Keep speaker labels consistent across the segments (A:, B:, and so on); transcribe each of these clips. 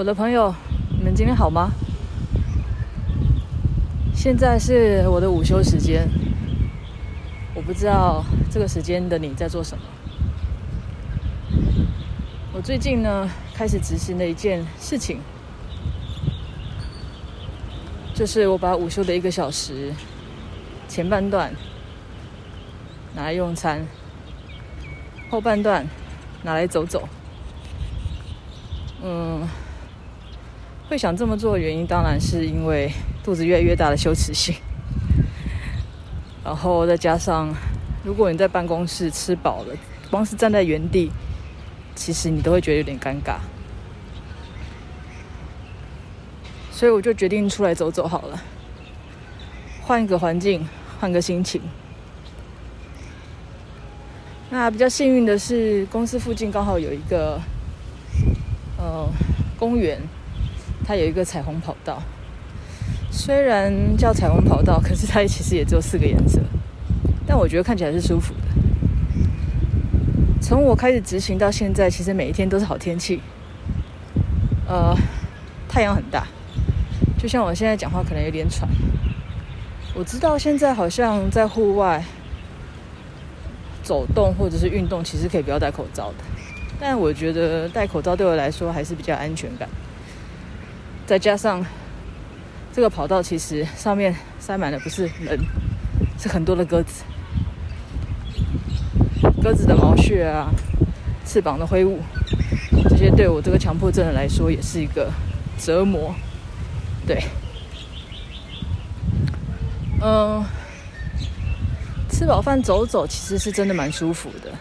A: 我的朋友，你們今天好嗎？現在是我的午休時間，我不知道這個時間的你在做什麼。我最近呢，開始執行了一件事情，就是我把午休的一個小時，前半段拿來用餐，後半段拿來走走。嗯。會想這麼做的原因，當然是因為肚子越來越大的羞恥心，然後再加上，如果你在辦公室吃飽了，光是站在原地，其實你都會覺得有點尷尬。所以我就決定出來走走好了，換一個環境，換個心情。那比較幸運的是，公司附近剛好有一個，呃，公園。它有一個彩虹跑道，雖然叫彩虹跑道，可是它其實也只有四個顏色。但我覺得看起來是舒服的。從我開始執行到現在，其實每一天都是好天氣。呃，太陽很大，就像我現在講話可能有點喘。我知道現在好像在戶外走動或者是運動，其實可以不要戴口罩的。但我覺得戴口罩對我來說還是比較安全感。再加上這個跑道，其實上面塞滿了不是人，是很多的鴿子。鴿子的毛屑啊，翅膀的揮舞，這些對我這個強迫症人來說也是一個折磨。對，嗯，吃飽飯走走，其實是真的蠻舒服的。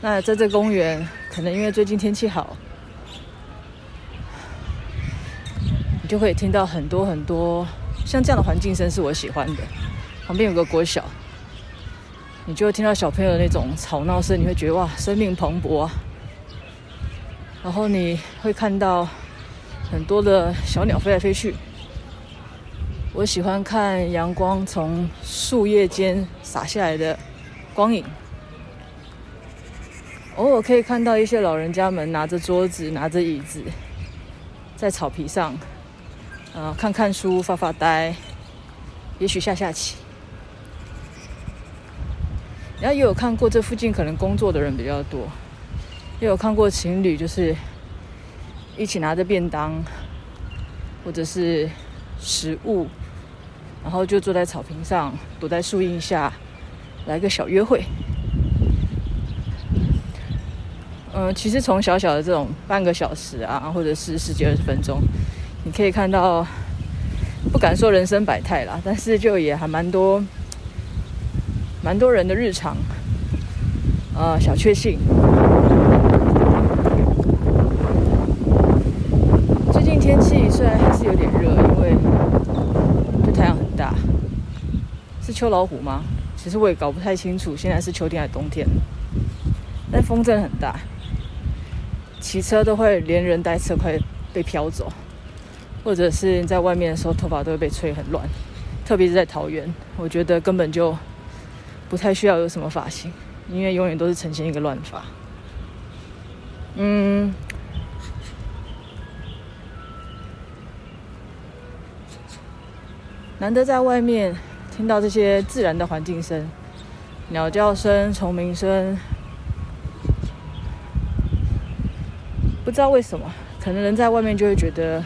A: 那在這公園，可能因為最近天氣好。你就會聽到很多很多像這樣的環境聲，是我喜歡的。旁邊有個國小，你就會聽到小朋友的那種吵鬧聲，你會覺得哇，生命蓬勃啊！然後你會看到很多的小鳥飛來飛去。我喜歡看陽光從樹葉間灑下來的光影，偶爾可以看到一些老人家們拿着桌子、拿着椅子，在草皮上。呃，看看書，發發呆，也許下下棋。然後也有看過這附近可能工作的人比較多，也有看過情侶就是一起拿着便當，或者是食物，然後就坐在草坪上，躲在樹蔭下，來個小約會。嗯、呃，其實從小小的這種半個小時啊，或者是十幾二十分鐘。你可以看到，不敢說人生百態啦，但是就也還蠻多、蠻多人的日常，呃，小確幸。最近天氣雖然還是有點熱，因為這太陽很大。是秋老虎嗎？其實我也搞不太清楚，現在是秋天還是冬天？但風真的很大，騎車都會連人帶車快被飄走。或者是在外面的時候，頭髮都會被吹很亂，特別是在桃園，我覺得根本就不太需要有什麼髮型，因為永遠都是呈現一個亂髮。嗯，難得在外面聽到這些自然的環境聲，鳥叫聲、蟲鳴聲，不知道為什麼，可能人在外面就會覺得。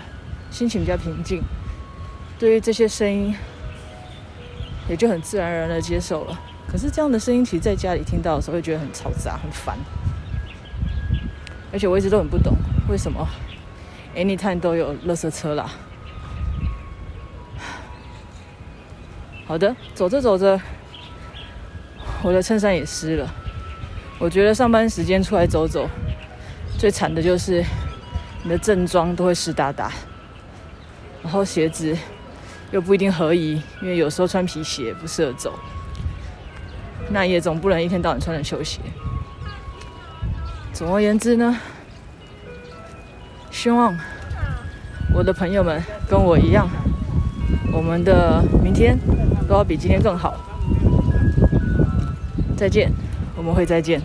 A: 心情比較平靜，對於這些聲音，也就很自然而然的接受了。可是這樣的聲音，其實在家裡聽到的時候，會覺得很嘈雜、很煩。而且我一直都很不懂，為什麼 anytime 都有垃圾車啦？好的，走着走着，我的襯衫也濕了。我覺得上班時間出來走走，最慘的就是你的正裝都會濕噠噠。然後鞋子又不一定合宜，因為有時候穿皮鞋不適合走，那也總不能一天到晚穿着球鞋。總而言之呢，希望我的朋友們跟我一樣，我們的明天都要比今天更好。再見，我們會再見。